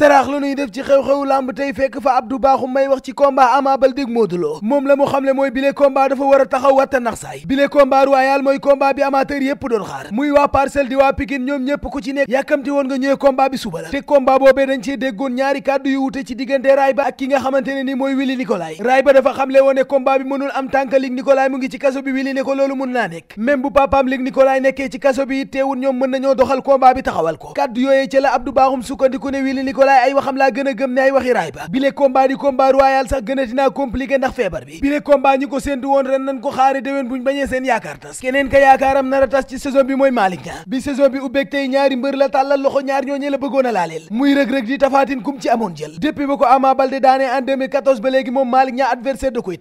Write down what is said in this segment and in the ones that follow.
saraax la ñuy def ci xew-xewu lamb tey fekk fa Abdou Bakhoum may wax ci combat Ama Baldé Modou Lo moom la mu xamle mooy bile combat dafa war a taxaw watta nax saay bile combat royal mooy combat bi amateur yépp doon xaar muy waa Parcelles di waa Pikine ñoom ñépp ku ci nekk yàkkamti woon nga ñëwee combat bi suba la te combat boobee dañ cee déggoon ñaari kàddu yu wute ci diggante Rayba ak ki nga xamante ne ni mooy Willy Nicolay Rayba dafa xamle woon am tànk Luc Nicolay ngi ci kaso bi Willy ne ko loolu mën naa nekk même bu papaam Luc Nicolay nekkee ci kaso bi taxawal ko kàddu yooyee ci la Abdou walaay ay waxam laa gën gëm ne ay waxi raay ba bile combat di combat royal sax gën a dinaa compliqué ndax feebar bi bile combat ñi ko séentu woon ren nañ ko xaare déwén buñ bañee seen yaakaar tas keneen ka yaakaaram nar tas ci saison bi mooy Malick Niang bi saison bi ubbeeg tey ñaari mbër la tàllal loxo ñaar ñooñu la bëggoon laaleel muy rëg-rëg di tafaatin kum ci amoon jël depuis ba ko Ama Baldé daanee en 2014 ba léegi moom Malick Niang adversaire da koy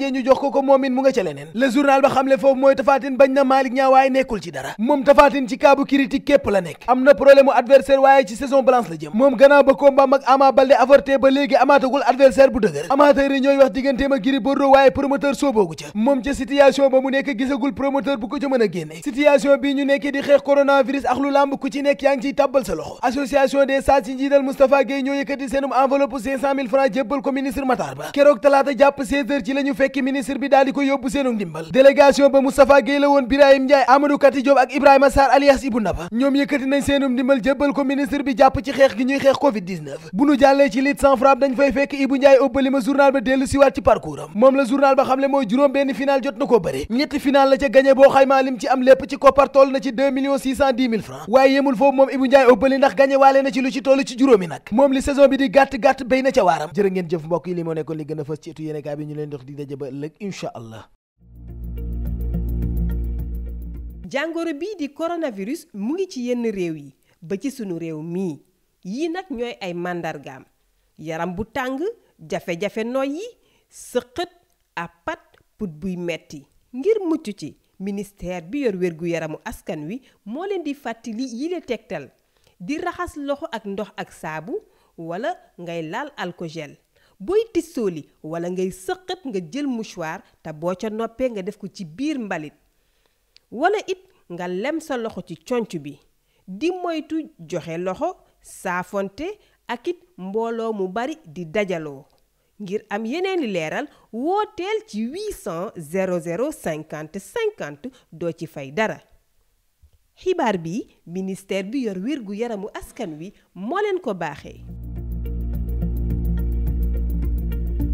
laajee ñu jox ko ko moom it mu nga ca leneen le journal ba xamle foofu mooy tafaatin bañ na Malick Niang waaye nekkul ci dara moom tafaatin ci kaabu critique képp la nekk am na problème adversaire waaye ci saison blanche la jëm moom gannaaw ba combat mag Ama Baldé avorté ba léegi amaatagul adversaire bu dëgër amateur ñooy wax digganteem ak Gris Bordeaux waaye promoteur sooboogu ca moom ca situation ba mu nekk gisagul promoteur bu ko ca mën a génne situation fekki ministre bi daal ko yóbbu seenu ndimbal délégation ba Moustapha Guèye la woon Birahim Ndiaye Amadou Kati Diop ak Ibrahima Sarr alias Ibou Ndaba ñoom yëkkati nañ seenum ndimbal jébbal ko ministre bi jàpp ci xeex gi ñuy xeex covid bu ñu jàllee ci lit sans frappe dañ fay fekk Ibou Ndiaye óbbali ma journal ba dellu siwaat ci parcours moom la journal ba xam le mooy juróom benn final jot na koo bëri ñetti final la ca gagné boo xaymaa lim ci am lépp a fës ci etu daje ba jàngoro bii di coronavirus mu ngi ci yenn réew yi ba ci sunu réew mii yii nag ñooy ay màndargaam yaram bu tàng jafe-jafe noyyi sëqët a pat put buy metti ngir mucc ci ministère bi yor wérgu yaramu askan wi moo leen di fàttali yile tegtal di raxas loxo ak ndox ak saabu wala ngay laal alkogel booy tissooli wala ngay sëqat nga jël mouchoir te boo ca noppee nga def ko ci biir mbalit wala it nga lem sa loxo ci conc bi di moytu joxe loxo saafonte ak it mbooloo mu bari di dajaloo ngir am yeneeni leeral wooteel ci 800 00 50 50 doo ci fay dara xibaar bi ministère bi yor wér gu yaramu askan wi moo leen ko baaxee